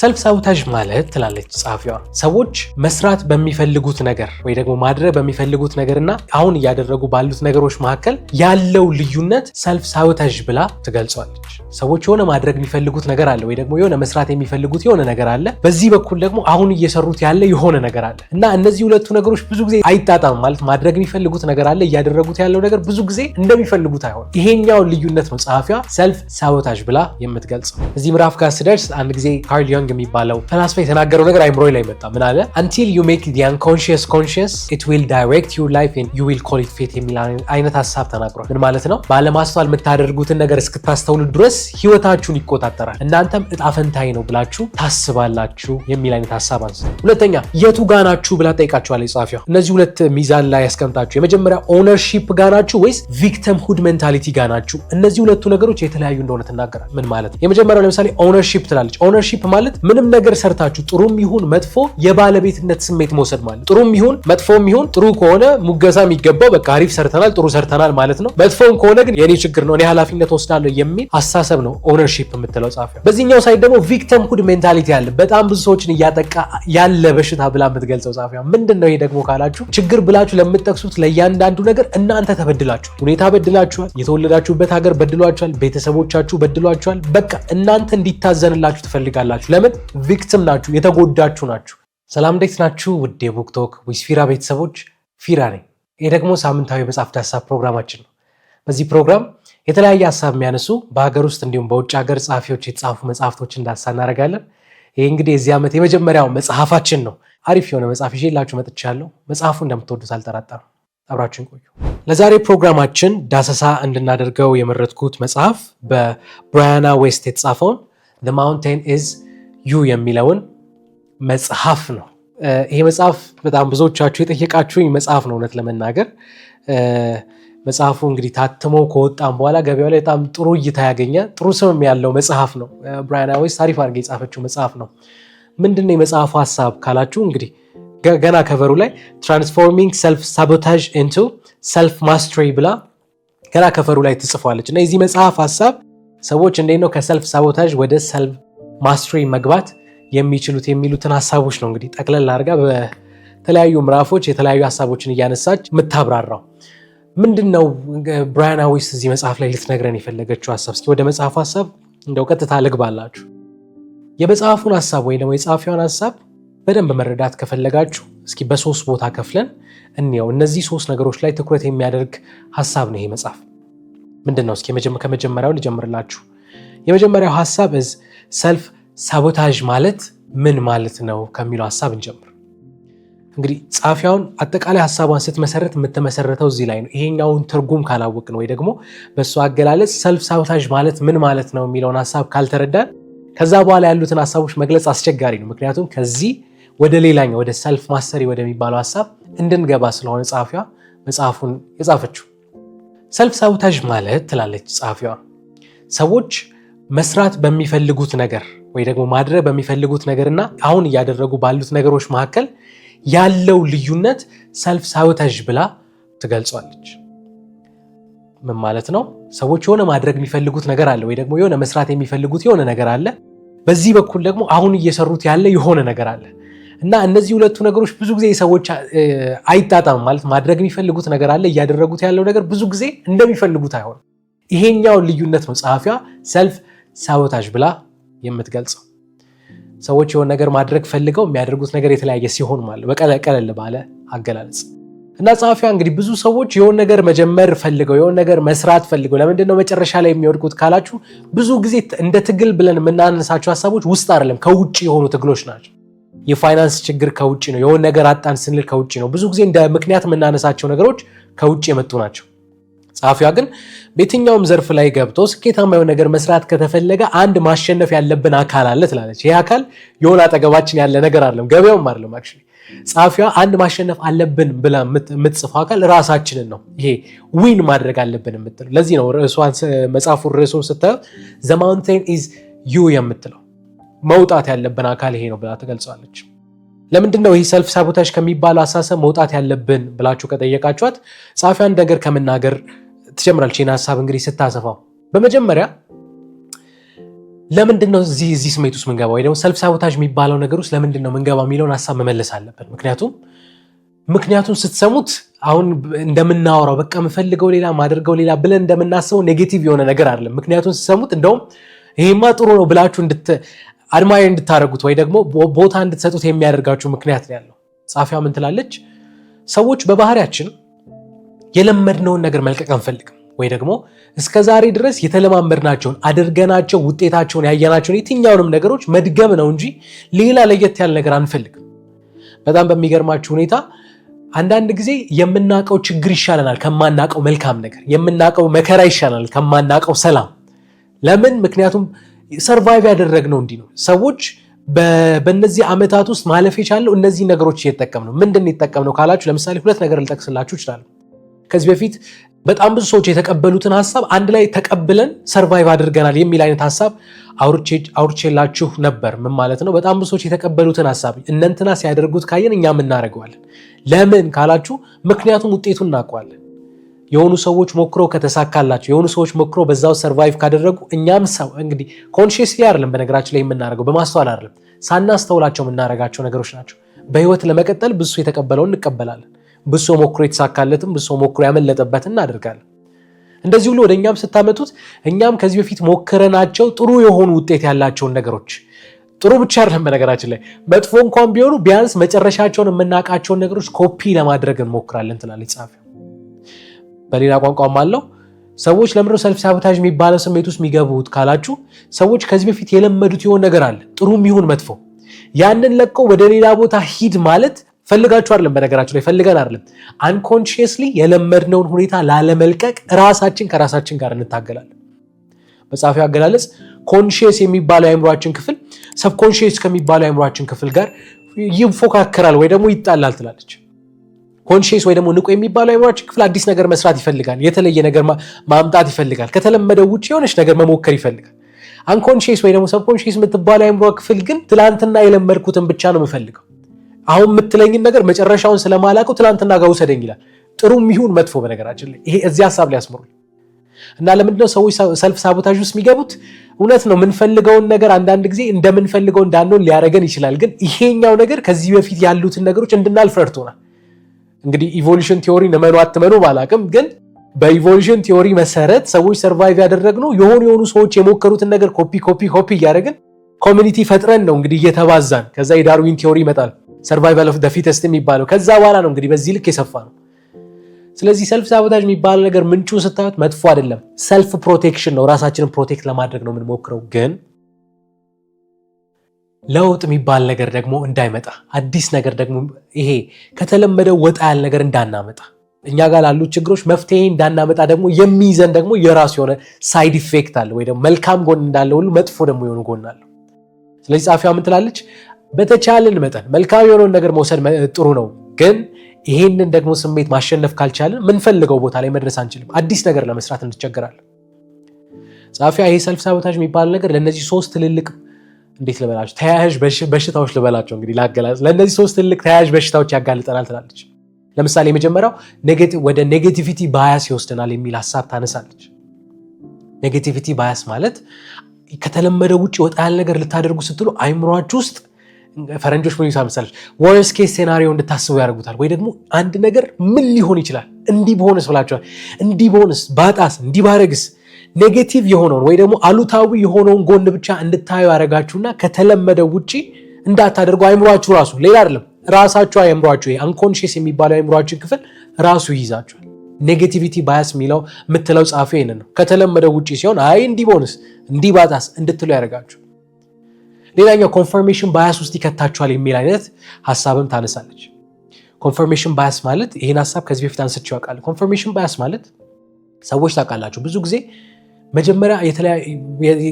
ሰልፍ ሳቦታዥ ማለት ትላለች ጸሐፊዋ፣ ሰዎች መስራት በሚፈልጉት ነገር ወይ ደግሞ ማድረግ በሚፈልጉት ነገር እና አሁን እያደረጉ ባሉት ነገሮች መካከል ያለው ልዩነት ሰልፍ ሳቦታዥ ብላ ትገልጸዋለች። ሰዎች የሆነ ማድረግ የሚፈልጉት ነገር አለ ወይ ደግሞ የሆነ መስራት የሚፈልጉት የሆነ ነገር አለ፣ በዚህ በኩል ደግሞ አሁን እየሰሩት ያለ የሆነ ነገር አለ እና እነዚህ ሁለቱ ነገሮች ብዙ ጊዜ አይጣጣም። ማለት ማድረግ የሚፈልጉት ነገር አለ፣ እያደረጉት ያለው ነገር ብዙ ጊዜ እንደሚፈልጉት አይሆን። ይሄኛውን ልዩነት ነው ጸሐፊዋ ሰልፍ ሳቦታጅ ብላ የምትገልጸው። እዚህ ምዕራፍ ጋር ስደርስ አንድ ጊዜ ካርል ዩንግ የሚባለው ፈላስፋ የተናገረው ነገር አይምሮ ላይ መጣ። ምን አለ? አንቲል ዩ ሜክ ዲ አንኮንሽስ ኮንሽስ ኢት ዊል ዳይሬክት ዩ ላይፍ ዩ ዊል ኮል ኢት ፌት የሚል አይነት ሀሳብ ተናግሯል። ምን ማለት ነው? ባለማስተዋል የምታደርጉትን ነገር እስክታስተውሉ ድረስ ህይወታችሁን ይቆጣጠራል። እናንተም እጣፈንታይ ነው ብላችሁ ታስባላችሁ የሚል አይነት ሀሳብ አንስ። ሁለተኛ የቱ ጋ ናችሁ ብላ ጠይቃችኋል ጸሐፊዋ። እነዚህ ሁለት ሚዛን ላይ ያስቀምጣችሁ። የመጀመሪያ ኦነርሺፕ ጋ ናችሁ ወይስ ቪክተም ሁድ ሜንታሊቲ ጋ ናችሁ? እነዚህ ሁለቱ ነገሮች የተለያዩ እንደሆነ ትናገራል። ምን ማለት ነው? የመጀመሪያው ለምሳሌ ኦነርሺፕ ትላለች። ኦነርሺፕ ማለት ማለት ምንም ነገር ሰርታችሁ ጥሩም ይሁን መጥፎ የባለቤትነት ስሜት መውሰድ ማለት ጥሩም ይሁን መጥፎም ይሁን ጥሩ ከሆነ ሙገሳ የሚገባው በቃ አሪፍ ሰርተናል፣ ጥሩ ሰርተናል ማለት ነው። መጥፎም ከሆነ ግን የኔ ችግር ነው፣ እኔ ኃላፊነት ወስዳለሁ የሚል አስተሳሰብ ነው ኦነርሺፕ የምትለው ጻፊ። በዚህኛው ሳይት ደግሞ ቪክተም ሁድ ሜንታሊቲ አለ። በጣም ብዙ ሰዎችን እያጠቃ ያለ በሽታ ብላ የምትገልጸው ጻፊ። ምንድን ነው ይሄ ደግሞ ካላችሁ ችግር ብላችሁ ለምትጠቅሱት ለእያንዳንዱ ነገር እናንተ ተበድላችሁ፣ ሁኔታ በድላችኋል፣ የተወለዳችሁበት ሀገር በድሏችኋል፣ ቤተሰቦቻችሁ በድሏችኋል። በቃ እናንተ እንዲታዘንላችሁ ትፈልጋላችሁ። ለምን ቪክቲም ናችሁ፣ የተጎዳችሁ ናችሁ። ሰላም እንዴት ናችሁ? ውድ የቡክቶክ ዊዝ ፊራ ቤተሰቦች ፊራ ነኝ። ይህ ደግሞ ሳምንታዊ መጽሐፍ ዳሰሳ ፕሮግራማችን ነው። በዚህ ፕሮግራም የተለያየ ሀሳብ የሚያነሱ በሀገር ውስጥ እንዲሁም በውጭ ሀገር ጸሐፊዎች የተጻፉ መጽሐፍቶችን ዳሰሳ እናደርጋለን። ይህ እንግዲህ የዚህ ዓመት የመጀመሪያው መጽሐፋችን ነው። አሪፍ የሆነ መጽሐፍ ይዤላችሁ መጥቻለሁ። መጽሐፉ እንደምትወዱት አልጠራጠርም። አብራችን ቆዩ። ለዛሬ ፕሮግራማችን ዳሰሳ እንድናደርገው የመረጥኩት መጽሐፍ በብራያና ዌስት የተጻፈውን ዘ ማውንቴን ኢዝ ዩ የሚለውን መጽሐፍ ነው። ይሄ መጽሐፍ በጣም ብዙዎቻችሁ የጠየቃችሁኝ መጽሐፍ ነው። እውነት ለመናገር መጽሐፉ እንግዲህ ታትሞ ከወጣም በኋላ ገበያው ላይ በጣም ጥሩ እይታ ያገኘ ጥሩ ስምም ያለው መጽሐፍ ነው። ብራያን አዌስ አሪፍ አድርገ የጻፈችው መጽሐፍ ነው። ምንድን ነው የመጽሐፉ ሀሳብ ካላችሁ እንግዲህ ገና ከቨሩ ላይ ትራንስፎርሚንግ ሰልፍ ሳቦታጅ ኢንቱ ሰልፍ ማስትሪ ብላ ገና ከቨሩ ላይ ትጽፏለች እና የዚህ መጽሐፍ ሀሳብ ሰዎች እንዴት ነው ከሰልፍ ሳቦታጅ ወደ ሰልፍ ማስትሪ መግባት የሚችሉት የሚሉትን ሀሳቦች ነው እንግዲህ ጠቅለል አድርጋ በተለያዩ ምዕራፎች የተለያዩ ሀሳቦችን እያነሳች የምታብራራው። ምንድን ነው ብራያን አዊስ እዚህ መጽሐፍ ላይ ልትነግረን የፈለገችው ሀሳብ? እስኪ ወደ መጽሐፉ ሀሳብ እንደው ቀጥታ ልግባላችሁ። የመጽሐፉን ሀሳብ ወይ ደግሞ የጸሐፊዋን ሀሳብ በደንብ መረዳት ከፈለጋችሁ እስኪ በሶስት ቦታ ከፍለን እንየው። እነዚህ ሶስት ነገሮች ላይ ትኩረት የሚያደርግ ሀሳብ ነው ይሄ መጽሐፍ። ምንድን ነው? እስኪ ከመጀመሪያው ልጀምርላችሁ። የመጀመሪያው ሀሳብ ሰልፍ ሳቦታዥ ማለት ምን ማለት ነው ከሚለው ሀሳብ እንጀምር። እንግዲህ ጻፊያውን አጠቃላይ ሀሳቧን ስትመሰረት የምትመሰረተው እዚህ ላይ ነው። ይሄኛውን ትርጉም ካላወቅን ወይ ደግሞ በእሱ አገላለጽ ሰልፍ ሳቦታዥ ማለት ምን ማለት ነው የሚለውን ሀሳብ ካልተረዳን ከዛ በኋላ ያሉትን ሀሳቦች መግለጽ አስቸጋሪ ነው። ምክንያቱም ከዚህ ወደ ሌላኛው ወደ ሰልፍ ማሰሪ ወደሚባለው ሀሳብ እንድንገባ ስለሆነ ጸሐፊዋ መጽሐፉን የጻፈችው። ሰልፍ ሳቦታዥ ማለት ትላለች ጻፊዋ ሰዎች መስራት በሚፈልጉት ነገር ወይ ደግሞ ማድረግ በሚፈልጉት ነገርና አሁን እያደረጉ ባሉት ነገሮች መካከል ያለው ልዩነት ሰልፍ ሳውተዥ ብላ ትገልጿለች። ምን ማለት ነው? ሰዎች የሆነ ማድረግ የሚፈልጉት ነገር አለ ወይ ደግሞ የሆነ መስራት የሚፈልጉት የሆነ ነገር አለ፣ በዚህ በኩል ደግሞ አሁን እየሰሩት ያለ የሆነ ነገር አለ እና እነዚህ ሁለቱ ነገሮች ብዙ ጊዜ ሰዎች አይጣጣም። ማለት ማድረግ የሚፈልጉት ነገር አለ፣ እያደረጉት ያለው ነገር ብዙ ጊዜ እንደሚፈልጉት አይሆንም። ይሄኛው ልዩነት ነው ጸሐፊዋ ሰልፍ ሳቦታጅ ብላ የምትገልጸው ሰዎች የሆነ ነገር ማድረግ ፈልገው የሚያደርጉት ነገር የተለያየ ሲሆን ማለት ባለ አገላለጽ እና ጸሐፊዋ እንግዲህ ብዙ ሰዎች የሆን ነገር መጀመር ፈልገው የሆን ነገር መስራት ፈልገው ለምንድን ነው መጨረሻ ላይ የሚወድቁት ካላችሁ፣ ብዙ ጊዜ እንደ ትግል ብለን የምናነሳቸው ሀሳቦች ውስጥ አይደለም ከውጭ የሆኑ ትግሎች ናቸው። የፋይናንስ ችግር ከውጭ ነው። የሆን ነገር አጣን ስንል ከውጭ ነው። ብዙ ጊዜ እንደ ምክንያት የምናነሳቸው ነገሮች ከውጭ የመጡ ናቸው። ጸሐፊዋ ግን በየትኛውም ዘርፍ ላይ ገብቶ ስኬታማ የሆነ ነገር መስራት ከተፈለገ አንድ ማሸነፍ ያለብን አካል አለ ትላለች። ይህ አካል የሆነ አጠገባችን ያለ ነገር አለም፣ ገበያውም አለም። አክቹዋሊ ጸሐፊዋ አንድ ማሸነፍ አለብን ብላ የምትጽፈው አካል ራሳችንን ነው። ይሄ ዊን ማድረግ አለብን የምትለው ለዚህ ነው ርዕሷን መጽሐፉን ርዕሱን ስታየው ዘ ማውንቴን ኢዝ ዩ የምትለው መውጣት ያለብን አካል ይሄ ነው ብላ ትገልጸዋለች። ለምንድን ነው ይህ ሰልፍ ሳቦታጅ ከሚባለው አሳሰብ መውጣት ያለብን ብላችሁ ከጠየቃችኋት ጸሐፊዋ አንድ ነገር ከመናገር ትጀምራለች ይህን ሀሳብ እንግዲህ ስታሰፋው። በመጀመሪያ ለምንድን ነው እዚህ እዚህ ስሜት ውስጥ ምንገባ ወይ ደግሞ ሰልፍ ሳቦታጅ የሚባለው ነገር ውስጥ ለምንድን ነው ምንገባ የሚለውን ሀሳብ መመለስ አለብን። ምክንያቱም ምክንያቱም ስትሰሙት አሁን እንደምናወራው በቃ ምፈልገው ሌላ ማድርገው ሌላ ብለን እንደምናስበው ኔጌቲቭ የሆነ ነገር አይደለም። ምክንያቱም ስትሰሙት እንደውም ይሄማ ጥሩ ነው ብላችሁ አድማሪ እንድታደርጉት ወይ ደግሞ ቦታ እንድትሰጡት የሚያደርጋችሁ ምክንያት ነው ያለው። ጻፊያ ምን ትላለች? ሰዎች በባህሪያችን የለመድነውን ነገር መልቀቅ አንፈልግም ወይ ደግሞ እስከ ዛሬ ድረስ የተለማመድናቸውን አድርገናቸው ውጤታቸውን ያየናቸውን የትኛውንም ነገሮች መድገም ነው እንጂ ሌላ ለየት ያለ ነገር አንፈልግም። በጣም በሚገርማችሁ ሁኔታ አንዳንድ ጊዜ የምናውቀው ችግር ይሻለናል ከማናውቀው መልካም ነገር፣ የምናውቀው መከራ ይሻለናል ከማናውቀው ሰላም። ለምን? ምክንያቱም ሰርቫይቭ ያደረግነው እንዲህ ነው። ሰዎች በእነዚህ ዓመታት ውስጥ ማለፍ የቻለው እነዚህ ነገሮች እየተጠቀም ነው። ምንድን ነው ካላችሁ፣ ለምሳሌ ሁለት ነገር ልጠቅስላችሁ እችላለሁ። ከዚህ በፊት በጣም ብዙ ሰዎች የተቀበሉትን ሀሳብ አንድ ላይ ተቀብለን ሰርቫይቭ አድርገናል የሚል አይነት ሀሳብ አውርቼላችሁ ነበር። ምን ማለት ነው? በጣም ብዙ ሰዎች የተቀበሉትን ሀሳብ እነንትና ሲያደርጉት ካየን እኛም እናደርገዋለን። ለምን ካላችሁ፣ ምክንያቱም ውጤቱን እናውቀዋለን። የሆኑ ሰዎች ሞክሮ ከተሳካላቸው፣ የሆኑ ሰዎች ሞክሮ በዛው ሰርቫይቭ ካደረጉ እኛም ሰው እንግዲህ ኮንሽስሊ አይደለም፣ በነገራችን ላይ የምናደርገው በማስተዋል አይደለም፣ ሳናስተውላቸው የምናደርጋቸው ነገሮች ናቸው። በህይወት ለመቀጠል ብዙ የተቀበለውን እንቀበላለን። ብሶ ሞክሮ የተሳካለትም ብሶ ሞክሮ ያመለጠበት እናደርጋለን። እንደዚህ ሁሉ ወደ እኛም ስታመጡት እኛም ከዚህ በፊት ሞክረናቸው ጥሩ የሆኑ ውጤት ያላቸውን ነገሮች ጥሩ ብቻ አይደለም፣ በነገራችን ላይ መጥፎ እንኳን ቢሆኑ ቢያንስ መጨረሻቸውን የምናውቃቸውን ነገሮች ኮፒ ለማድረግ እንሞክራለን ትላለች ጸሐፊው። በሌላ ቋንቋም አለው ሰዎች ለምድረው ሰልፍ ሳቦታጅ የሚባለው ስሜት ውስጥ የሚገቡት ካላችሁ ሰዎች ከዚህ በፊት የለመዱት የሆን ነገር አለ፣ ጥሩም ይሁን መጥፎ፣ ያንን ለቀው ወደ ሌላ ቦታ ሂድ ማለት ፈልጋችሁ አይደለም። በነገራችን ላይ ፈልገን አይደለም። አንኮንሺየስሊ የለመድነውን ሁኔታ ላለመልቀቅ ራሳችን ከራሳችን ጋር እንታገላለን። መጽሐፊ አገላለጽ ኮንሽስ የሚባለው አእምሯችን ክፍል ሰብኮንሺየስ ከሚባለው አይምሯችን ክፍል ጋር ይፎካከራል ወይ ደግሞ ይጣላል ትላለች። ኮንሺየስ ወይ ደግሞ ንቁ የሚባለው አእምሯችን ክፍል አዲስ ነገር መስራት ይፈልጋል። የተለየ ነገር ማምጣት ይፈልጋል። ከተለመደው ውጭ የሆነች ነገር መሞከር ይፈልጋል። አንኮንሺየስ ወይ ደግሞ ሰብኮንሺየስ የምትባለው አእምሯ ክፍል ግን ትላንትና የለመድኩትን ብቻ ነው የምፈልገው አሁን የምትለኝን ነገር መጨረሻውን ስለማላውቀው ትላንትና ጋር ውሰደኝ ይላል። ጥሩም ይሁን መጥፎ በነገራችን ላይ ይሄ እዚህ ሀሳብ ሊያስምሩ እና ለምንድነው ሰዎች ሰልፍ ሳቦታጅ ውስጥ የሚገቡት? እውነት ነው የምንፈልገውን ነገር አንዳንድ ጊዜ እንደምንፈልገው እንዳንሆን ሊያደርገን ይችላል። ግን ይሄኛው ነገር ከዚህ በፊት ያሉትን ነገሮች እንድናልፍ ረድቶናል። እንግዲህ ኢቮሉሽን ቲዎሪ እመኑ አትመኑ ባላቅም ግን በኢቮሉሽን ቲዎሪ መሰረት ሰዎች ሰርቫይቭ ያደረግነው የሆኑ የሆኑ ሰዎች የሞከሩትን ነገር ኮፒ ኮፒ ኮፒ እያደረግን ኮሚኒቲ ፈጥረን ነው እንግዲህ እየተባዛን። ከዛ የዳርዊን ቲዎሪ ይመጣል ሰርቫይቫል ኦፍ ፊተስት የሚባለው ከዛ በኋላ ነው እንግዲህ በዚህ ልክ የሰፋ ነው። ስለዚህ ሰልፍ ሳቦታጅ የሚባለው ነገር ምንጩ ስታዩት መጥፎ አይደለም፣ ሰልፍ ፕሮቴክሽን ነው። ራሳችንን ፕሮቴክት ለማድረግ ነው የምንሞክረው። ግን ለውጥ የሚባል ነገር ደግሞ እንዳይመጣ አዲስ ነገር ደግሞ ይሄ ከተለመደው ወጣ ያለ ነገር እንዳናመጣ እኛ ጋር ላሉ ችግሮች መፍትሄ እንዳናመጣ ደግሞ የሚይዘን ደግሞ የራሱ የሆነ ሳይድ ኢፌክት አለ፣ ወይ ደግሞ መልካም ጎን እንዳለ ሁሉ መጥፎ ደግሞ የሆኑ ጎን አለው። ስለዚህ ጸሐፊዋ ምን ትላለች? በተቻለን መጠን መልካም የሆነውን ነገር መውሰድ ጥሩ ነው፣ ግን ይሄንን ደግሞ ስሜት ማሸነፍ ካልቻለን የምንፈልገው ቦታ ላይ መድረስ አንችልም። አዲስ ነገር ለመስራት እንቸገራለን። ጸሐፊዋ ይሄ ሰልፍ ሳቦታጅ የሚባል ነገር ለእነዚህ ሶስት ትልልቅ እንዴት ልበላቸው ተያያዥ በሽታዎች ልበላቸው እንግዲህ ላገላጽ፣ ለእነዚህ ሶስት ትልቅ ተያያዥ በሽታዎች ያጋልጠናል ትላለች። ለምሳሌ የመጀመሪያው ወደ ኔጌቲቪቲ ባያስ ይወስደናል የሚል ሀሳብ ታነሳለች። ኔጌቲቪቲ ባያስ ማለት ከተለመደ ውጭ ወጣ ያለ ነገር ልታደርጉ ስትሉ አይምሯች ውስጥ ፈረንጆች ምን ይሳ ወርስ ኬስ ሴናሪዮ እንድታስቡ ያደርጉታል። ወይ ደግሞ አንድ ነገር ምን ሊሆን ይችላል፣ እንዲህ በሆንስ ብላቸዋል። እንዲህ በሆንስ፣ ባጣስ፣ እንዲህ ባረግስ ኔጌቲቭ የሆነውን ወይ ደግሞ አሉታዊ የሆነውን ጎን ብቻ እንድታዩ ያደረጋችሁና ከተለመደው ውጭ እንዳታደርጉ አይምሯችሁ ራሱ ሌላ አይደለም ራሳችሁ አይምሯችሁ አንኮንሽስ የሚባለው አይምሯችን ክፍል ራሱ ይይዛችኋል። ኔጌቲቪቲ ባያስ የሚለው የምትለው ጻፊ ይንን ነው። ከተለመደው ውጭ ሲሆን አይ እንዲህ በሆንስ፣ እንዲህ ባጣስ እንድትሉ ያደርጋችሁ ሌላኛው ኮንፈርሜሽን ባያስ ውስጥ ይከታችኋል የሚል አይነት ሀሳብም ታነሳለች። ኮንፈርሜሽን ባያስ ማለት ይህን ሀሳብ ከዚህ በፊት አንስቼ ያውቃል። ኮንፈርሜሽን ባያስ ማለት ሰዎች ታውቃላችሁ፣ ብዙ ጊዜ መጀመሪያ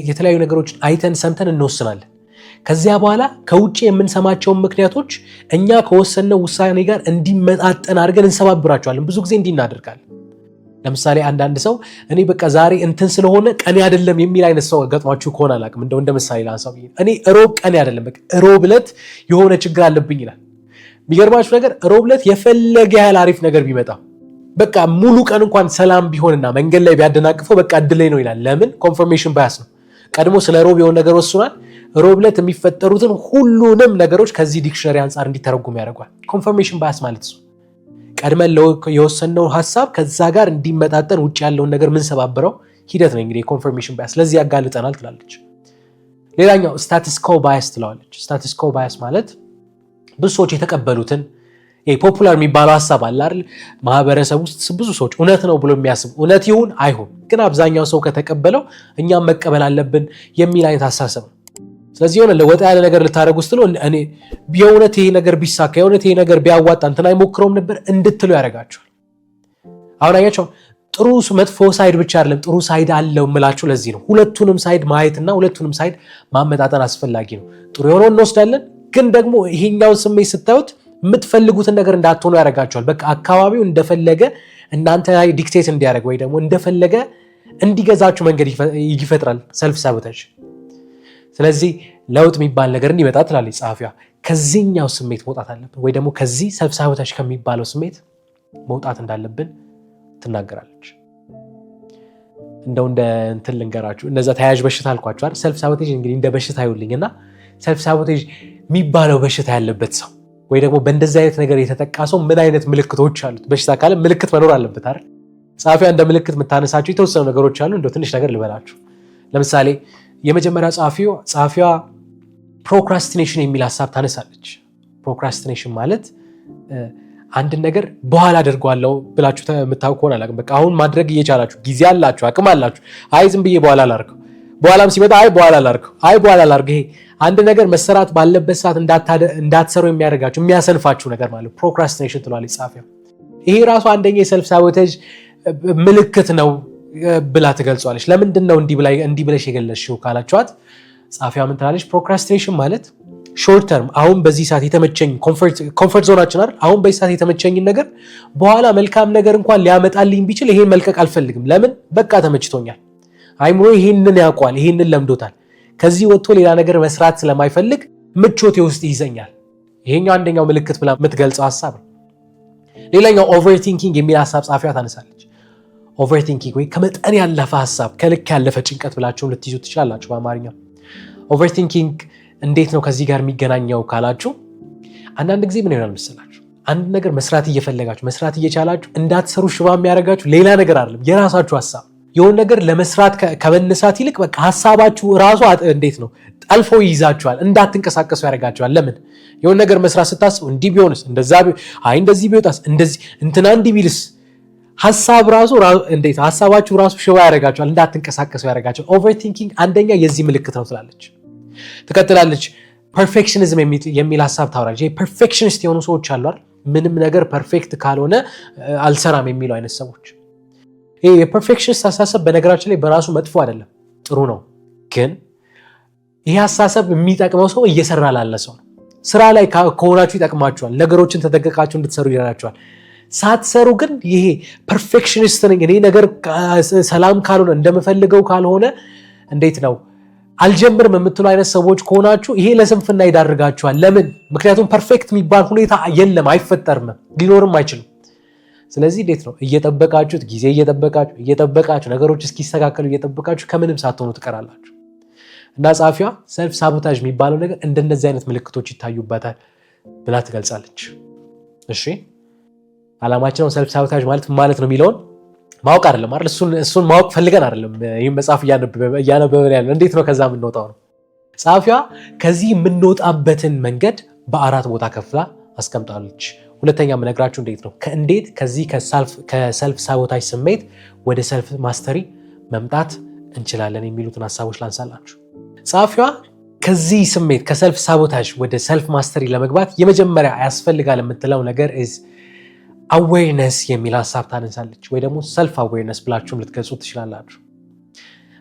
የተለያዩ ነገሮችን አይተን ሰምተን እንወስናለን። ከዚያ በኋላ ከውጭ የምንሰማቸውን ምክንያቶች እኛ ከወሰነው ውሳኔ ጋር እንዲመጣጠን አድርገን እንሰባብራቸዋለን። ብዙ ጊዜ እንዲህ እናደርጋለን። ለምሳሌ አንዳንድ ሰው እኔ በቃ ዛሬ እንትን ስለሆነ ቀኔ አይደለም የሚል አይነት ሰው ገጥሟችሁ ከሆነ አላቅም እንደው እንደ ምሳሌ ላንሳው እኔ ሮብ ቀኔ አይደለም በቃ ሮብ ዕለት የሆነ ችግር አለብኝ ይላል። የሚገርማችሁ ነገር ሮብ ዕለት የፈለገ ያህል አሪፍ ነገር ቢመጣ በቃ ሙሉ ቀን እንኳን ሰላም ቢሆንና መንገድ ላይ ቢያደናቅፈው በቃ እድሌ ነው ይላል። ለምን? ኮንፈርሜሽን ባያስ ነው። ቀድሞ ስለ ሮብ የሆነ ነገር ወስኗል። ሮብ ዕለት የሚፈጠሩትን ሁሉንም ነገሮች ከዚህ ዲክሽነሪ አንጻር እንዲተረጉም ያደርጓል። ኮንፈርሜሽን ባያስ ማለት ነው። ቀድመን የወሰነው ሀሳብ ከዛ ጋር እንዲመጣጠን ውጭ ያለውን ነገር ምንሰባበረው ሂደት ነው እንግዲህ የኮንፈርሜሽን ባያስ። ለዚህ ያጋልጠናል ትላለች። ሌላኛው ስታቲስኮ ባያስ ትለዋለች። ስታቲስኮ ባያስ ማለት ብዙ ሰዎች የተቀበሉትን ፖፑላር የሚባለው ሀሳብ አለ አይደል? ማህበረሰብ ውስጥ ብዙ ሰዎች እውነት ነው ብሎ የሚያስቡ እውነት ይሁን አይሁን ግን አብዛኛው ሰው ከተቀበለው እኛም መቀበል አለብን የሚል አይነት አሳሰብ ነው። ስለዚህ የሆነ ለወጣ ያለ ነገር ልታደረጉ ስትሉ እኔ የእውነት ይሄ ነገር ቢሳካ የእውነት ይሄ ነገር ቢያዋጣ እንትን አይሞክረውም ነበር እንድትሉ ያደርጋቸዋል። አሁን አያቸው ጥሩ መጥፎ ሳይድ ብቻ አይደለም፣ ጥሩ ሳይድ አለው ምላችሁ ለዚህ ነው። ሁለቱንም ሳይድ ማየትና ሁለቱንም ሳይድ ማመጣጠን አስፈላጊ ነው። ጥሩ የሆነው እንወስዳለን፣ ግን ደግሞ ይሄኛውን ስሜት ስታዩት የምትፈልጉትን ነገር እንዳትሆኑ ያደርጋቸዋል። በቃ አካባቢው እንደፈለገ እናንተ ላይ ዲክቴት እንዲያደርግ ወይ ደግሞ እንደፈለገ እንዲገዛችሁ መንገድ ይፈጥራል። ሰልፍ ሳቦታጅ ስለዚህ ለውጥ የሚባል ነገር እንዲመጣ ትላለች ጸሐፊዋ። ከዚህኛው ስሜት መውጣት አለብን ወይ ደግሞ ከዚህ ሰብሳቢታች ከሚባለው ስሜት መውጣት እንዳለብን ትናገራለች። እንደው እንደ እንትን ልንገራችሁ፣ እነዛ ተያያዥ በሽታ አልኳችሁ ሰልፍ ሳቦቴጅ እንግዲህ እንደ በሽታ ይውልኝ እና ሰልፍ ሳቦቴጅ የሚባለው በሽታ ያለበት ሰው ወይ ደግሞ በእንደዚህ አይነት ነገር የተጠቃ ሰው ምን አይነት ምልክቶች አሉት? በሽታ ካለ ምልክት መኖር አለበት አይደል? ጸሐፊዋ እንደ ምልክት የምታነሳቸው የተወሰኑ ነገሮች አሉ። እንደው ትንሽ ነገር ልበላችሁ። ለምሳሌ የመጀመሪያ ጸሐፊዋ ጸሐፊዋ ፕሮክራስቲኔሽን የሚል ሀሳብ ታነሳለች። ፕሮክራስቲኔሽን ማለት አንድን ነገር በኋላ አደርገዋለሁ ብላችሁ የምታውቁ ሆን አላውቅም። በቃ አሁን ማድረግ እየቻላችሁ ጊዜ አላችሁ፣ አቅም አላችሁ። አይ ዝም ብዬ በኋላ ላድርገው፣ በኋላም ሲመጣ አይ በኋላ ላድርገው፣ አይ በኋላ ላድርግ። ይሄ አንድ ነገር መሰራት ባለበት ሰዓት እንዳትሰሩ የሚያደርጋችሁ የሚያሰልፋችሁ ነገር ማለት ፕሮክራስቲኔሽን ትሏል ጸሐፊዋ። ይሄ ራሱ አንደኛ የሰልፍ ሳቦቴጅ ምልክት ነው ብላ ትገልጿለች። ለምንድን ነው እንዲህ ብለሽ የገለሽው ካላችኋት ጸሐፊዋ ምን ትላለች? ፕሮክራስቲኔሽን ማለት ሾርት ተርም አሁን በዚህ ሰዓት የተመቸኝ ኮንፈርት ዞናችን አይደል? አሁን በዚህ ሰዓት የተመቸኝን ነገር በኋላ መልካም ነገር እንኳን ሊያመጣልኝ ቢችል ይሄን መልቀቅ አልፈልግም። ለምን? በቃ ተመችቶኛል። አይምሮ ይሄንን ያውቋል፣ ይሄንን ለምዶታል። ከዚህ ወጥቶ ሌላ ነገር መስራት ስለማይፈልግ ምቾቴ ውስጥ ይዘኛል ይሄኛው አንደኛው ምልክት ብላ የምትገልጸው ሀሳብ ነው። ሌላኛው ኦቨርቲንኪንግ የሚል ሀሳብ ጸሐፊዋ ታነሳለች። ኦቨርቲንኪንግ ወይ ከመጠን ያለፈ ሀሳብ ከልክ ያለፈ ጭንቀት ብላችሁም ልትይዙ ትችላላችሁ። በአማርኛ ኦቨርቲንኪንግ እንዴት ነው ከዚህ ጋር የሚገናኘው ካላችሁ፣ አንዳንድ ጊዜ ምን ይሆናል መሰላችሁ አንድ ነገር መስራት እየፈለጋችሁ መስራት እየቻላችሁ እንዳትሰሩ ሽባ የሚያደርጋችሁ ሌላ ነገር አይደለም፣ የራሳችሁ ሀሳብ። የሆን ነገር ለመስራት ከመነሳት ይልቅ በቃ ሀሳባችሁ ራሱ እንዴት ነው ጠልፎ ይይዛችኋል፣ እንዳትንቀሳቀሱ ያደርጋችኋል። ለምን የሆን ነገር መስራት ስታስቡ እንዲህ ቢሆንስ፣ እንደዛ፣ አይ እንደዚህ ቢወጣስ፣ እንደዚህ እንትና እንዲህ ቢልስ ሀሳብ ራሱ እንዴት ሀሳባችሁ ራሱ ሸዋ ያደርጋቸዋል፣ እንዳትንቀሳቀሰው ያደርጋቸዋል። ኦቨርቲንኪንግ አንደኛ የዚህ ምልክት ነው ትላለች፣ ትቀጥላለች። ፐርፌክሽኒዝም የሚል ሀሳብ ታወራለች። ፐርፌክሽኒስት የሆኑ ሰዎች አሉ አይደል? ምንም ነገር ፐርፌክት ካልሆነ አልሰራም የሚሉ አይነት ሰዎች። ይሄ የፐርፌክሽኒስት አሳሰብ በነገራችን ላይ በራሱ መጥፎ አይደለም፣ ጥሩ ነው። ግን ይህ አሳሰብ የሚጠቅመው ሰው እየሰራ ላለ ሰው ነው። ስራ ላይ ከሆናችሁ ይጠቅማችኋል። ነገሮችን ተጠንቅቃችሁ እንድትሰሩ ይረዳችኋል። ሳትሰሩ ግን ይሄ ፐርፌክሽኒስት ነኝ እኔ ነገር ሰላም ካልሆነ እንደምፈልገው ካልሆነ እንዴት ነው አልጀምርም የምትሉ አይነት ሰዎች ከሆናችሁ ይሄ ለስንፍና ይዳርጋችኋል። ለምን? ምክንያቱም ፐርፌክት የሚባል ሁኔታ የለም፣ አይፈጠርም፣ ሊኖርም አይችልም። ስለዚህ እንዴት ነው እየጠበቃችሁት ጊዜ እየጠበቃችሁ እየጠበቃችሁ ነገሮች እስኪስተካከሉ እየጠበቃችሁ ከምንም ሳትሆኑ ትቀራላችሁ። እና ጸሐፊዋ ሰልፍ ሳቦታጅ የሚባለው ነገር እንደነዚህ አይነት ምልክቶች ይታዩበታል ብላ ትገልጻለች። እሺ አላማችን ሰልፍ ሳቦታጅ ማለት ማለት ነው የሚለውን ማወቅ አይደለም አይደል? እሱን ማወቅ ፈልገን አይደለም። ይህም መጽሐፍ እያነበበን ያለ እንዴት ነው ከዛ የምንወጣው ነው። ጸሐፊዋ ከዚህ የምንወጣበትን መንገድ በአራት ቦታ ከፍላ አስቀምጣለች። ሁለተኛ የምነግራችሁ እንዴት ነው ከእንዴት ከዚህ ከሰልፍ ሳቦታጅ ስሜት ወደ ሰልፍ ማስተሪ መምጣት እንችላለን የሚሉትን ሀሳቦች ላንሳላችሁ። ጸሐፊዋ ከዚህ ስሜት ከሰልፍ ሳቦታጅ ወደ ሰልፍ ማስተሪ ለመግባት የመጀመሪያ ያስፈልጋል የምትለው ነገር አዌርነስ የሚል ሀሳብ ታነሳለች፣ ወይ ደግሞ ሰልፍ አዌርነስ ብላችሁም ልትገልጹ ትችላላችሁ።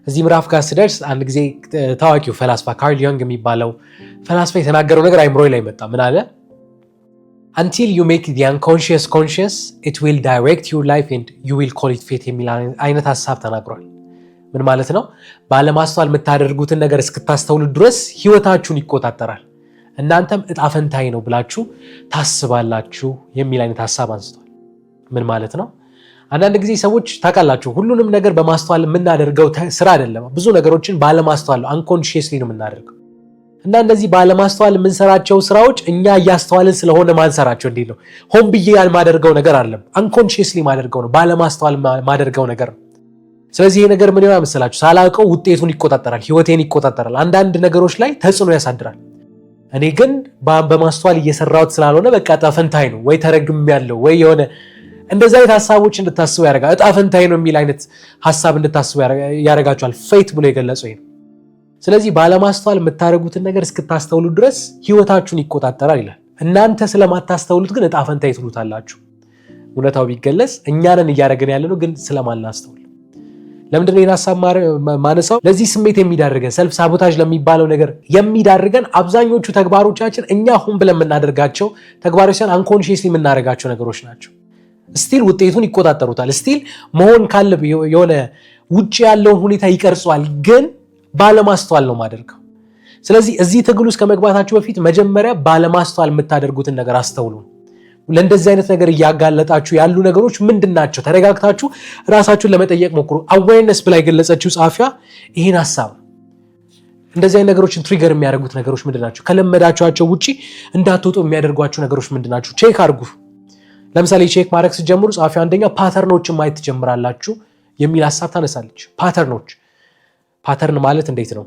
እዚህ ምዕራፍ ጋር ስደርስ አንድ ጊዜ ታዋቂው ፈላስፋ ካርል ዮንግ የሚባለው ፈላስፋ የተናገረው ነገር አይምሮ ላይ መጣ። ምን አለ? አንቲል ዩ ሜክ ዲ አንኮንሽየስ ኮንሽየስ ኢት ዊል ዳይሬክት ዩር ላይፍ ኤንድ ዩ ዊል ኮል ኢት ፌት የሚል አይነት ሀሳብ ተናግሯል። ምን ማለት ነው? ባለማስተዋል የምታደርጉትን ነገር እስክታስተውሉ ድረስ ህይወታችሁን ይቆጣጠራል እናንተም እጣፈንታይ ነው ብላችሁ ታስባላችሁ የሚል አይነት ሀሳብ አንስቷል። ምን ማለት ነው? አንዳንድ ጊዜ ሰዎች ታውቃላችሁ፣ ሁሉንም ነገር በማስተዋል የምናደርገው ስራ አይደለም። ብዙ ነገሮችን ባለማስተዋል አንኮንሽየስሊ ነው የምናደርገው እና እነዚህ ባለማስተዋል የምንሰራቸው ስራዎች እኛ እያስተዋልን ስለሆነ ማንሰራቸው እንዴት ነው? ሆን ብዬ ማደርገው ነገር አለም። አንኮንሽየስሊ ማደርገው ነው፣ ባለማስተዋል ማደርገው ነገር ነው። ስለዚህ ይሄ ነገር ምን ይሆናል መሰላችሁ? ሳላውቀው ውጤቱን ይቆጣጠራል፣ ህይወቴን ይቆጣጠራል። አንዳንድ ነገሮች ላይ ተጽዕኖ ያሳድራል። እኔ ግን በማስተዋል እየሰራሁት ስላልሆነ በቃ እጣ ፈንታይ ነው ወይ ተረግም ያለው ወይ የሆነ እንደዚህ አይነት ሀሳቦች እንድታስቡ ያደርጋል። እጣ ፈንታይ ነው የሚል አይነት ሀሳብ እንድታስቡ ያደርጋቸዋል። ፌት ብሎ የገለጸው ይሄ ነው። ስለዚህ ባለማስተዋል የምታደርጉትን ነገር እስክታስተውሉ ድረስ ህይወታችሁን ይቆጣጠራል ይላል። እናንተ ስለማታስተውሉት ግን እጣ ፈንታይ ትሉታላችሁ። እውነታው ቢገለጽ እኛንን እያደረግን ያለነው ግን ስለማናስተውል ለምንድነው ይህን ሀሳብ ማነሳው? ለዚህ ስሜት የሚዳርገን ሰልፍ ሳቦታጅ ለሚባለው ነገር የሚዳርገን አብዛኞቹ ተግባሮቻችን እኛ ሁን ብለን የምናደርጋቸው ተግባሮች ሳይሆን አንኮንሽስ የምናደርጋቸው ነገሮች ናቸው። ስቲል ውጤቱን ይቆጣጠሩታል። ስቲል መሆን ካለ የሆነ ውጭ ያለውን ሁኔታ ይቀርጿል፣ ግን ባለማስተዋል ነው ማደርገው። ስለዚህ እዚህ ትግል ውስጥ ከመግባታችሁ በፊት መጀመሪያ ባለማስተዋል የምታደርጉትን ነገር አስተውሉ። ለእንደዚህ አይነት ነገር እያጋለጣችሁ ያሉ ነገሮች ምንድን ናቸው? ተረጋግታችሁ ራሳችሁን ለመጠየቅ ሞክሩ። አዌርነስ ብላ የገለጸችው ጸሐፊዋ ይህን ሀሳብ እንደዚህ አይነት ነገሮችን ትሪገር የሚያደርጉት ነገሮች ምንድን ናቸው? ከለመዳችኋቸው ውጭ እንዳትወጡ የሚያደርጓቸው ነገሮች ምንድን ናቸው? ቼክ አድርጉ። ለምሳሌ ቼክ ማድረግ ስትጀምሩ ጸሐፊ አንደኛ ፓተርኖችን ማየት ትጀምራላችሁ የሚል ሀሳብ ታነሳለች። ፓተርኖች ፓተርን ማለት እንዴት ነው?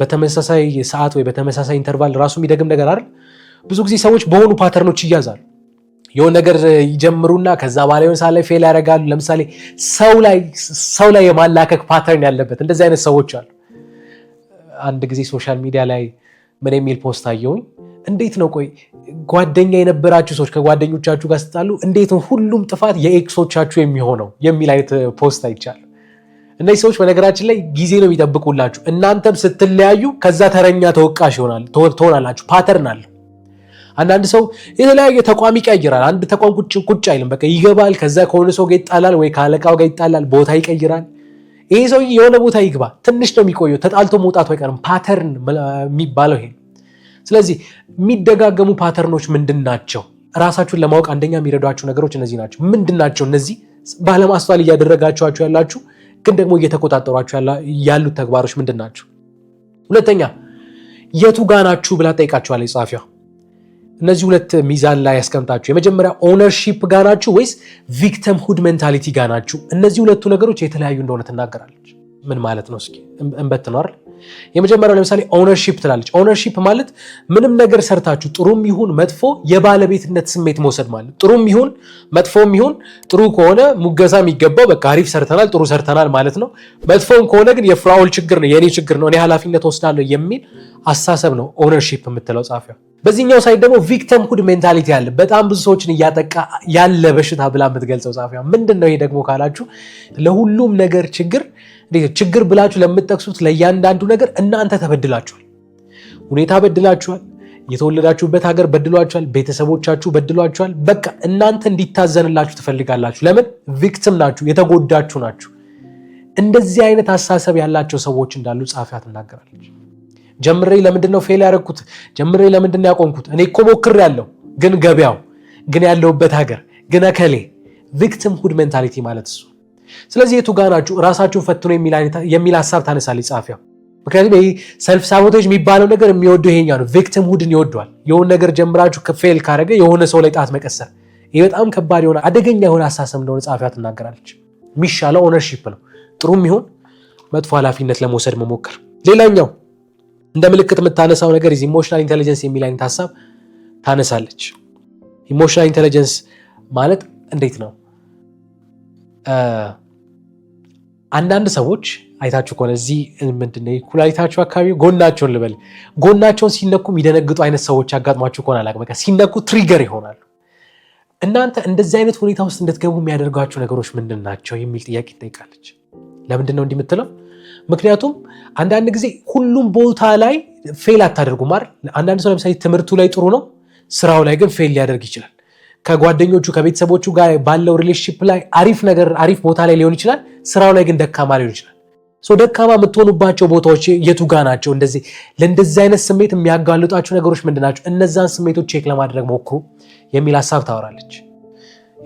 በተመሳሳይ ሰዓት ወይ በተመሳሳይ ኢንተርቫል ራሱ የሚደግም ነገር አይደል? ብዙ ጊዜ ሰዎች በሆኑ ፓተርኖች ይያዛሉ። የሆነ ነገር ይጀምሩና ከዛ በኋላ የሆነ ሳለ ፌል ያደርጋሉ። ለምሳሌ ሰው ላይ የማላከክ ፓተርን ያለበት እንደዚህ አይነት ሰዎች አሉ። አንድ ጊዜ ሶሻል ሚዲያ ላይ ምን የሚል ፖስት አየውኝ። እንዴት ነው ቆይ ጓደኛ የነበራችሁ ሰዎች ከጓደኞቻችሁ ጋር ስጣሉ እንዴት ነው ሁሉም ጥፋት የኤክሶቻችሁ የሚሆነው የሚል አይነት ፖስት አይቻል። እነዚህ ሰዎች በነገራችን ላይ ጊዜ ነው የሚጠብቁላችሁ። እናንተም ስትለያዩ ከዛ ተረኛ ተወቃሽ ትሆናላችሁ። ፓተርን አለው አንዳንድ ሰው የተለያየ ተቋም ይቀይራል። አንድ ተቋም ቁጭ ቁጭ አይልም። በቃ ይገባል። ከዛ ከሆነ ሰው ጋር ይጣላል፣ ወይ ከአለቃው ጋር ይጣላል፣ ቦታ ይቀይራል። ይሄ ሰው የሆነ ቦታ ይግባ፣ ትንሽ ነው የሚቆየው፣ ተጣልቶ መውጣቱ አይቀርም። ፓተርን የሚባለው ይሄ። ስለዚህ የሚደጋገሙ ፓተርኖች ምንድን ናቸው? ራሳችሁን ለማወቅ አንደኛ የሚረዷቸው ነገሮች እነዚህ ናቸው። ምንድን ናቸው እነዚህ? ባለማስተዋል እያደረጋችኋቸው ያላችሁ ግን ደግሞ እየተቆጣጠሯችሁ ያሉት ተግባሮች ምንድን ናቸው? ሁለተኛ የቱ ጋ ናችሁ ብላ ጠይቃችኋለች ጸሐፊዋ። እነዚህ ሁለት ሚዛን ላይ ያስቀምጣችሁ። የመጀመሪያ ኦነርሺፕ ጋ ናችሁ ወይስ ቪክተም ሁድ ሜንታሊቲ ጋ ናችሁ? እነዚህ ሁለቱ ነገሮች የተለያዩ እንደሆነ ትናገራለች። ምን ማለት ነው? እስኪ እንበት ነው አይደል የመጀመሪያው ለምሳሌ ኦነርሺፕ ትላለች። ኦነርሺፕ ማለት ምንም ነገር ሰርታችሁ ጥሩም ይሁን መጥፎ የባለቤትነት ስሜት መውሰድ ማለት ጥሩም ይሁን መጥፎም ይሁን ጥሩ ከሆነ ሙገሳ የሚገባው በቃ አሪፍ ሰርተናል፣ ጥሩ ሰርተናል ማለት ነው። መጥፎም ከሆነ ግን የፍራውል ችግር ነው፣ የኔ ችግር ነው፣ እኔ ኃላፊነት ወስዳለሁ የሚል አስተሳሰብ ነው ኦነርሺፕ የምትለው ጻፊ በዚህኛው ሳይት ደግሞ ቪክተም ሁድ ሜንታሊቲ አለ። በጣም ብዙ ሰዎችን እያጠቃ ያለ በሽታ ብላ የምትገልጸው ጻፊ ምንድን ነው ይሄ ደግሞ ካላችሁ ለሁሉም ነገር ችግር እንዴት ችግር ብላችሁ ለምትጠቅሱት ለእያንዳንዱ ነገር እናንተ ተበድላችኋል። ሁኔታ በድላችኋል። የተወለዳችሁበት ሀገር በድሏችኋል። ቤተሰቦቻችሁ በድሏችኋል። በቃ እናንተ እንዲታዘንላችሁ ትፈልጋላችሁ። ለምን? ቪክቲም ናችሁ፣ የተጎዳችሁ ናችሁ። እንደዚህ አይነት አሳሰብ ያላቸው ሰዎች እንዳሉ ጻፊያ ትናገራለች። ጀምሬ ለምንድን ነው ፌል ያደረግኩት? ጀምሬ ለምንድን ነው ያቆምኩት? እኔ እኮ ያለው ግን ገበያው፣ ግን ያለሁበት ሀገር፣ ግን እከሌ። ቪክቲም ሁድ ሜንታሊቲ ማለት እሱ ስለዚህ የቱ ጋ ናችሁ? ራሳችሁን ፈትኖ የሚል ሀሳብ ታነሳለች ጻፊያ። ምክንያቱም ይህ ሰልፍ ሳቦቴጅ የሚባለው ነገር የሚወደው ይሄኛ ነው። ቪክቲም ሁድን ይወደዋል። የሆነ ነገር ጀምራችሁ ፌል ካደረገ የሆነ ሰው ላይ ጣት መቀሰር፣ ይህ በጣም ከባድ የሆነ አደገኛ የሆነ አሳሰብ እንደሆነ ጻፊያ ትናገራለች። የሚሻለው ኦነርሺፕ ነው። ጥሩም ይሁን መጥፎ ኃላፊነት ለመውሰድ መሞከር። ሌላኛው እንደ ምልክት የምታነሳው ነገር ዚ ኢሞሽናል ኢንቴሊጀንስ የሚል አይነት ሀሳብ ታነሳለች። ኢሞሽናል ኢንቴሊጀንስ ማለት እንዴት ነው? አንዳንድ ሰዎች አይታችሁ ከሆነ እዚህ ምንድን ኩላሊታችሁ አካባቢ ጎናቸውን ልበል ጎናቸውን ሲነኩ የሚደነግጡ አይነት ሰዎች ያጋጥሟችሁ ከሆነ አላውቅም፣ በቃ ሲነኩ ትሪገር ይሆናሉ። እናንተ እንደዚህ አይነት ሁኔታ ውስጥ እንድትገቡ የሚያደርጓቸው ነገሮች ምንድን ናቸው የሚል ጥያቄ ትጠይቃለች። ለምንድን ነው እንዲህ የምትለው? ምክንያቱም አንዳንድ ጊዜ ሁሉም ቦታ ላይ ፌል አታደርጉም አይደል? አንዳንድ ሰው ለምሳሌ ትምህርቱ ላይ ጥሩ ነው፣ ስራው ላይ ግን ፌል ሊያደርግ ይችላል። ከጓደኞቹ ከቤተሰቦቹ ጋር ባለው ሪሌሽንሽፕ ላይ አሪፍ ነገር አሪፍ ቦታ ላይ ሊሆን ይችላል፣ ስራው ላይ ግን ደካማ ሊሆን ይችላል። ደካማ የምትሆኑባቸው ቦታዎች የቱጋ ናቸው? እንደዚህ ለእንደዚህ አይነት ስሜት የሚያጋልጣቸው ነገሮች ምንድን ናቸው? እነዛን ስሜቶች ቼክ ለማድረግ ሞክሩ የሚል ሀሳብ ታወራለች።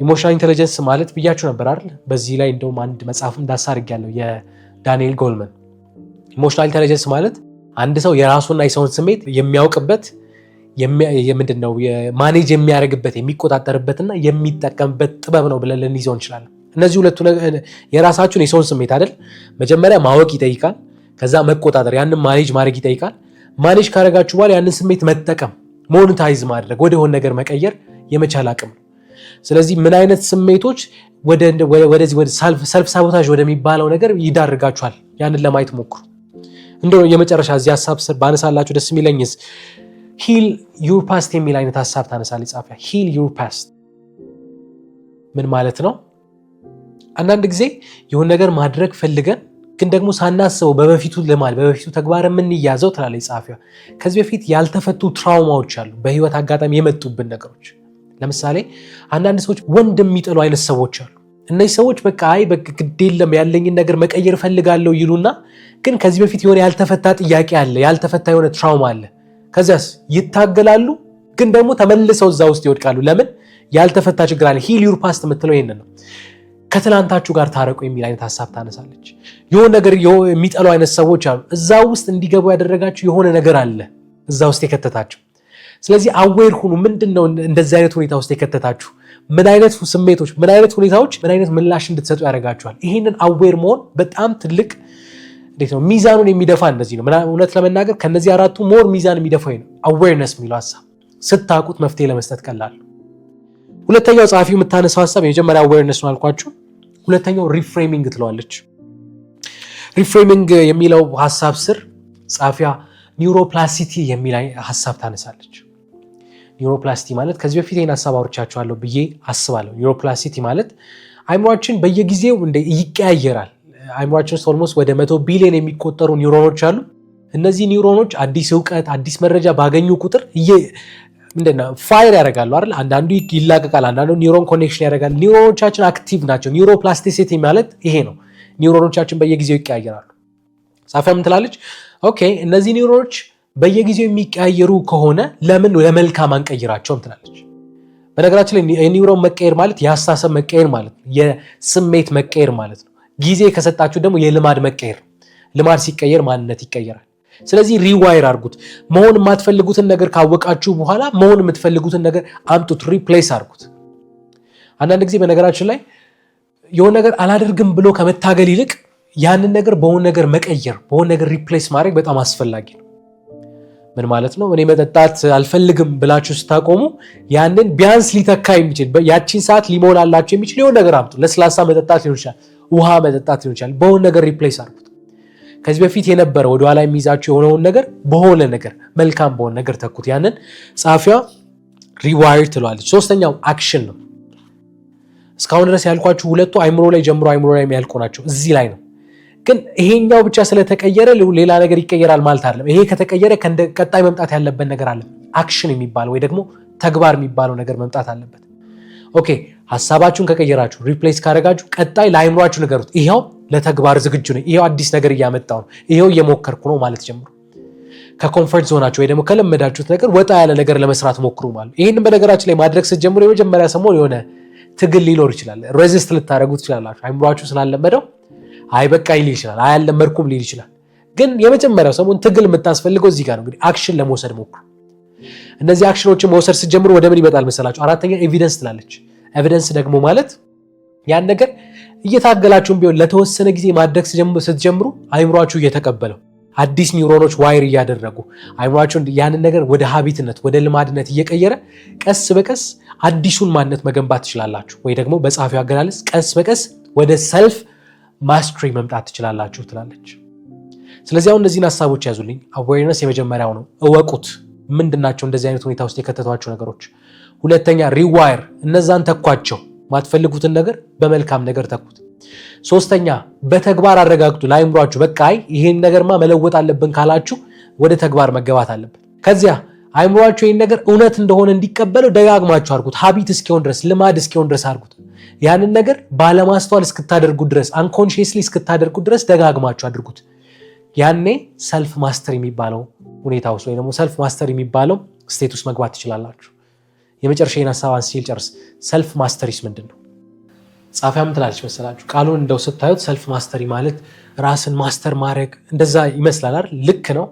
ኢሞሽናል ኢንቴሊጀንስ ማለት ብያችሁ ነበር አይደል? በዚህ ላይ እንደውም አንድ መጽሐፍ እንዳሳርግ ያለው የዳንኤል ጎልመን። ኢሞሽናል ኢንቴሊጀንስ ማለት አንድ ሰው የራሱና የሰውን ስሜት የሚያውቅበት ምንድን ነው ማኔጅ የሚያደርግበት የሚቆጣጠርበትና የሚጠቀምበት ጥበብ ነው ብለን ልንይዘው እንችላለን። እነዚህ ሁለቱ የራሳችሁን የሰውን ስሜት አይደል መጀመሪያ ማወቅ ይጠይቃል። ከዛ መቆጣጠር፣ ያንን ማኔጅ ማድረግ ይጠይቃል። ማኔጅ ካደረጋችሁ በኋላ ያንን ስሜት መጠቀም፣ ሞኔታይዝ ማድረግ፣ ሆን ነገር መቀየር የመቻል አቅም ነው። ስለዚህ ምን አይነት ስሜቶች ወደዚህ ወደ ሰልፍ ሳቦታዥ ወደሚባለው ነገር ይዳርጋችኋል? ያንን ለማየት ሞክሩ። እንደው የመጨረሻ እዚህ ሀሳብ ባነሳላችሁ ደስ የሚለኝስ ሂል ዩር ፓስት የሚል አይነት ሀሳብ ታነሳለች ጻፊያ። ሂል ዩር ፓስት ምን ማለት ነው? አንዳንድ ጊዜ የሆነ ነገር ማድረግ ፈልገን ግን ደግሞ ሳናስበው በበፊቱ ልማል በበፊቱ ተግባር የምንያዘው ትላለ ጻፊያ። ከዚህ በፊት ያልተፈቱ ትራውማዎች አሉ፣ በህይወት አጋጣሚ የመጡብን ነገሮች። ለምሳሌ አንዳንድ ሰዎች ወንድ የሚጠሉ አይነት ሰዎች አሉ። እነዚህ ሰዎች በቃ አይ ግድ የለም ያለኝን ነገር መቀየር ፈልጋለሁ ይሉና ግን ከዚህ በፊት የሆነ ያልተፈታ ጥያቄ አለ፣ ያልተፈታ የሆነ ትራውማ አለ ከዚያስ ይታገላሉ፣ ግን ደግሞ ተመልሰው እዛ ውስጥ ይወድቃሉ። ለምን? ያልተፈታ ችግር አለ። ሂል ዩር ፓስት የምትለው ይህንን ነው። ከትላንታችሁ ጋር ታረቁ የሚል አይነት ሀሳብ ታነሳለች። የሆነ ነገር የሚጠሉ አይነት ሰዎች አሉ። እዛ ውስጥ እንዲገቡ ያደረጋችሁ የሆነ ነገር አለ፣ እዛ ውስጥ የከተታችሁ። ስለዚህ አዌር ሁኑ። ምንድን ነው እንደዚህ አይነት ሁኔታ ውስጥ የከተታችሁ? ምን አይነት ስሜቶች፣ ምን አይነት ሁኔታዎች፣ ምን አይነት ምላሽ እንድትሰጡ ያደርጋችኋል? ይህንን አዌር መሆን በጣም ትልቅ እንዴት ነው ሚዛኑን የሚደፋ እንደዚህ ነው። እውነት ለመናገር ከነዚህ አራቱ ሞር ሚዛን የሚደፋው ነው አዌርነስ የሚለው ሀሳብ። ስታውቁት መፍትሄ ለመስጠት ቀላል። ሁለተኛው ጸሐፊው የምታነሳው ሀሳብ የመጀመሪያ አዌርነስ ነው አልኳችሁ። ሁለተኛው ሪፍሬሚንግ ትለዋለች። ሪፍሬሚንግ የሚለው ሀሳብ ስር ጸሐፊያ ኒውሮፕላሲቲ የሚል ሀሳብ ታነሳለች። ኒውሮፕላሲቲ ማለት ከዚህ በፊት ይህን ሀሳብ አውርቻችኋለሁ ብዬ አስባለሁ። ኒውሮፕላሲቲ ማለት አይምሯችን በየጊዜው እንደ ይቀያየራል አይምሯችን ውስጥ ኦልሞስት ወደ መቶ ቢሊዮን የሚቆጠሩ ኒውሮኖች አሉ። እነዚህ ኒውሮኖች አዲስ እውቀት፣ አዲስ መረጃ ባገኙ ቁጥር ምንድነው ፋይር ያደርጋሉ አይደል? አንዳንዱ ይላቀቃል፣ አንዳንዱ ኒውሮን ኮኔክሽን ያደርጋል። ኒውሮኖቻችን አክቲቭ ናቸው። ኒውሮፕላስቲሲቲ ማለት ይሄ ነው። ኒውሮኖቻችን በየጊዜው ይቀያየራሉ። ሳፊያ ምን ትላለች? ኦኬ እነዚህ ኒውሮኖች በየጊዜው የሚቀያየሩ ከሆነ ለምን ለመልካም አንቀይራቸውም ትላለች። በነገራችን ላይ የኒውሮን መቀየር ማለት የሀሳሰብ መቀየር ማለት ነው። የስሜት መቀየር ማለት ነው። ጊዜ ከሰጣችሁ ደግሞ የልማድ መቀየር፣ ልማድ ሲቀየር ማንነት ይቀየራል። ስለዚህ ሪዋይር አርጉት መሆን የማትፈልጉትን ነገር ካወቃችሁ በኋላ መሆን የምትፈልጉትን ነገር አምጡት፣ ሪፕሌስ አድርጉት። አንዳንድ ጊዜ በነገራችን ላይ የሆን ነገር አላደርግም ብሎ ከመታገል ይልቅ ያንን ነገር በሆነ ነገር መቀየር፣ በሆን ነገር ሪፕሌስ ማድረግ በጣም አስፈላጊ ነው። ምን ማለት ነው? እኔ መጠጣት አልፈልግም ብላችሁ ስታቆሙ ያንን ቢያንስ ሊተካ የሚችል ያቺን ሰዓት ሊሞላላችሁ የሚችል የሆን ነገር አምጡ። ለስላሳ መጠጣት ሊሆን ይችላል፣ ውሃ መጠጣት ሊሆን ይችላል። በሆነ ነገር ሪፕሌስ አድርጉት። ከዚህ በፊት የነበረ ወደኋላ የሚይዛቸው የሆነውን ነገር በሆነ ነገር መልካም በሆነ ነገር ተኩት። ያንን ጸሐፊዋ ሪዋይር ትለዋለች። ሶስተኛው አክሽን ነው። እስካሁን ድረስ ያልኳችሁ ሁለቱ አይምሮ ላይ ጀምሮ አይምሮ ላይ የሚያልቁ ናቸው። እዚህ ላይ ነው ግን ይሄኛው ብቻ ስለተቀየረ ሌላ ነገር ይቀየራል ማለት አይደለም። ይሄ ከተቀየረ ቀጣይ መምጣት ያለበት ነገር አለ። አክሽን የሚባለው ወይ ደግሞ ተግባር የሚባለው ነገር መምጣት አለበት። ኦኬ ሀሳባችሁን ከቀየራችሁ ሪፕሌስ ካደረጋችሁ ቀጣይ ለአይምሯችሁ ነገሩት ይኸው ለተግባር ዝግጁ ነው፣ ይኸው አዲስ ነገር እያመጣው ነው፣ ይኸው እየሞከርኩ ነው ማለት ጀምሩ። ከኮንፈርት ዞናችሁ ወይ ደግሞ ከለመዳችሁት ነገር ወጣ ያለ ነገር ለመስራት ሞክሩ ማለት። ይህንን በነገራችን ላይ ማድረግ ስትጀምሩ የመጀመሪያ ሰሞን የሆነ ትግል ሊኖር ይችላል። ሬዚስት ልታደረጉ ትችላላችሁ። አይምሯችሁ ስላለመደው አይ በቃ ይል ይችላል፣ አያለመድኩም ሊል ይችላል። ግን የመጀመሪያው ሰሞን ትግል የምታስፈልገው እዚህ ጋር ነው። እንግዲህ አክሽን ለመውሰድ ሞክሩ። እነዚህ አክሽኖችን መውሰድ ስጀምሩ ወደ ምን ይመጣል መሰላችሁ? አራተኛ ኤቪደንስ ትላለች። ኤቪደንስ ደግሞ ማለት ያን ነገር እየታገላችሁም ቢሆን ለተወሰነ ጊዜ ማድረግ ስትጀምሩ አይምሯችሁ እየተቀበለው አዲስ ኒውሮኖች ዋይር እያደረጉ አይምሯችሁን ያንን ነገር ወደ ሀቢትነት ወደ ልማድነት እየቀየረ ቀስ በቀስ አዲሱን ማንነት መገንባት ትችላላችሁ። ወይ ደግሞ በጸሐፊው አገላለጽ ቀስ በቀስ ወደ ሰልፍ ማስትሪ መምጣት ትችላላችሁ ትላለች። ስለዚህ አሁን እነዚህን ሀሳቦች ያዙልኝ። አዌርነስ የመጀመሪያው ነው፣ እወቁት። ምንድን ናቸው እንደዚህ አይነት ሁኔታ ውስጥ የከተቷቸው ነገሮች? ሁለተኛ ሪዋየር እነዛን ተኳቸው። ማትፈልጉትን ነገር በመልካም ነገር ተኩት። ሶስተኛ በተግባር አረጋግጡ ለአይምሯችሁ። በቃ አይ ይህን ነገርማ መለወጥ አለብን ካላችሁ ወደ ተግባር መገባት አለብን። ከዚያ አይምሯችሁ ይህን ነገር እውነት እንደሆነ እንዲቀበለው ደጋግማችሁ አድርጉት። ሀቢት እስኪሆን ድረስ፣ ልማድ እስኪሆን ድረስ አድርጉት። ያንን ነገር ባለማስተዋል እስክታደርጉ ድረስ፣ አንኮንሽስሊ እስክታደርጉ ድረስ ደጋግማችሁ አድርጉት። ያኔ ሰልፍ ማስተር የሚባለው ሁኔታ ውስጥ ወይ ደግሞ ሰልፍ ማስተር የሚባለው ስቴት ውስጥ መግባት ትችላላችሁ። የመጨረሻ ሀሳባን ሲል ጨርስ ሰልፍ ማስተሪስ ምንድን ነው? ጻፊያም ትላለች መሰላችሁ ቃሉን እንደው ስታዩት ሰልፍ ማስተሪ ማለት ራስን ማስተር ማድረግ እንደዛ ይመስላል አይደል? ልክ ነው።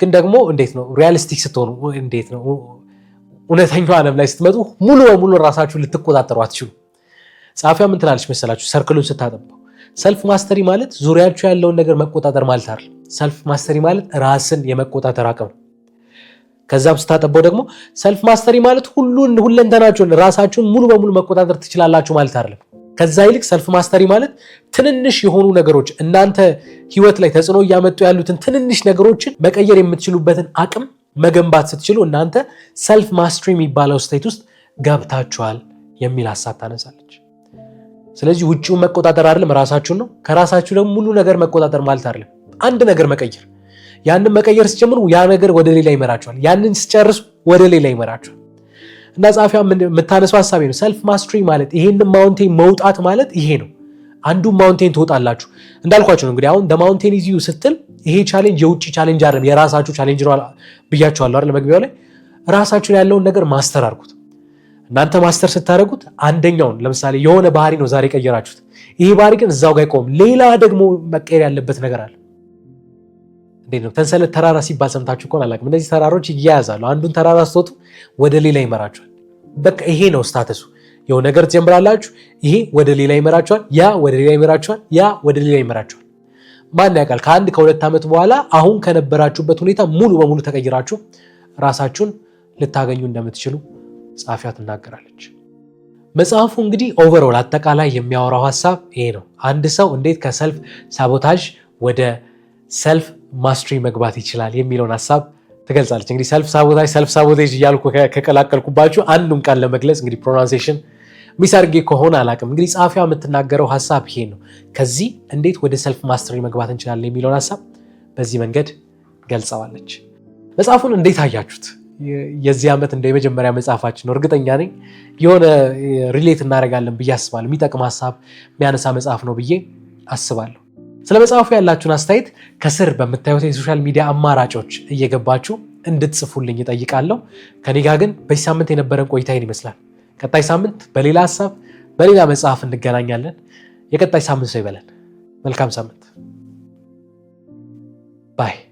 ግን ደግሞ እንዴት ነው ሪያሊስቲክ ስትሆኑ እንዴት ነው እውነተኛው ዓለም ላይ ስትመጡ ሙሉ በሙሉ ራሳችሁን ልትቆጣጠሩ አትችሉ። ጻፊያ ምን ትላለች መሰላችሁ? ሰርክሉን ስታጠባው ሰልፍ ማስተሪ ማለት ዙሪያቸው ያለውን ነገር መቆጣጠር ማለት አይደል። ሰልፍ ማስተሪ ማለት ራስን የመቆጣጠር አቅም ከዛም ስታጠበው ደግሞ ሰልፍ ማስተሪ ማለት ሁሉን ሁለንተናችሁን ራሳችሁን ሙሉ በሙሉ መቆጣጠር ትችላላችሁ ማለት አይደለም። ከዛ ይልቅ ሰልፍ ማስተሪ ማለት ትንንሽ የሆኑ ነገሮች እናንተ ህይወት ላይ ተጽዕኖ እያመጡ ያሉትን ትንንሽ ነገሮችን መቀየር የምትችሉበትን አቅም መገንባት ስትችሉ እናንተ ሰልፍ ማስተሪ የሚባለው ስቴት ውስጥ ገብታችኋል የሚል ሀሳብ ታነሳለች። ስለዚህ ውጭውን መቆጣጠር አይደለም ራሳችሁን ነው። ከራሳችሁ ደግሞ ሙሉ ነገር መቆጣጠር ማለት አይደለም አንድ ነገር መቀየር። ያንን መቀየር ሲጀምሩ ያ ነገር ወደ ሌላ ይመራችኋል። ያንን ሲጨርሱ ወደ ሌላ ይመራችኋል። እና ጻፊዋ የምታነሱ ሀሳቤ ነው ሰልፍ ማስትሪ ማለት ይሄን ማውንቴን መውጣት ማለት ይሄ ነው። አንዱ ማውንቴን ትወጣላችሁ እንዳልኳችሁ ነው። እንግዲህ አሁን ማውንቴን ኢዝ ዩ ስትል ይሄ ቻሌንጅ የውጭ ቻሌንጅ አይደለም የራሳችሁ ቻሌንጅ ነው ብያችኋለሁ አይደል መግቢያው ላይ ራሳችሁን ያለውን ነገር ማስተር አድርጉት። እናንተ ማስተር ስታደርጉት አንደኛውን ለምሳሌ የሆነ ባህሪ ነው ዛሬ ቀየራችሁት። ይህ ባህሪ ግን እዛው ጋር ይቆም። ሌላ ደግሞ መቀየር ያለበት ነገር አለ። እንዴት ነው ተንሰለት ተራራ ሲባል ሰምታችሁ ከሆነ አላውቅም። እነዚህ ተራሮች እያያዛሉ አንዱን ተራራ ስትወጡ ወደ ሌላ ይመራችኋል። በቃ ይሄ ነው ስታተሱ። የሆነ ነገር ትጀምራላችሁ፣ ይሄ ወደ ሌላ ይመራችኋል፣ ያ ወደ ሌላ ይመራችኋል፣ ያ ወደ ሌላ ይመራችኋል። ማን ያውቃል ከአንድ ከሁለት ዓመት በኋላ አሁን ከነበራችሁበት ሁኔታ ሙሉ በሙሉ ተቀይራችሁ ራሳችሁን ልታገኙ እንደምትችሉ ጻፊያ ትናገራለች። መጽሐፉ እንግዲህ ኦቨሮል አጠቃላይ የሚያወራው ሀሳብ ይሄ ነው። አንድ ሰው እንዴት ከሰልፍ ሳቦታጅ ወደ ሰልፍ ማስትሪ መግባት ይችላል የሚለውን ሀሳብ ትገልጻለች። እንግዲህ ሰልፍ ሳቦታጅ፣ ሰልፍ ሳቦቴጅ እያልኩ ከቀላቀልኩባችሁ አንዱን ቃል ለመግለጽ እንግዲህ ፕሮናንሴሽን ሚሳርጌ ከሆነ አላቅም። እንግዲህ ጸሐፊዋ የምትናገረው ሀሳብ ይሄ ነው። ከዚህ እንዴት ወደ ሰልፍ ማስትሪ መግባት እንችላለን የሚለውን ሀሳብ በዚህ መንገድ ገልጸዋለች። መጽሐፉን እንዴት አያችሁት? የዚህ ዓመት እንደ የመጀመሪያ መጽሐፋችን ነው። እርግጠኛ ነኝ የሆነ ሪሌት እናደርጋለን ብዬ አስባለሁ። የሚጠቅም ሀሳብ የሚያነሳ መጽሐፍ ነው ብዬ አስባለሁ። ስለ መጽሐፉ ያላችሁን አስተያየት ከስር በምታዩት የሶሻል ሚዲያ አማራጮች እየገባችሁ እንድትጽፉልኝ እጠይቃለሁ። ከኔ ጋር ግን በዚህ ሳምንት የነበረን ቆይታይን ይመስላል። ቀጣይ ሳምንት በሌላ ሀሳብ በሌላ መጽሐፍ እንገናኛለን። የቀጣይ ሳምንት ሰው ይበለን። መልካም ሳምንት ባይ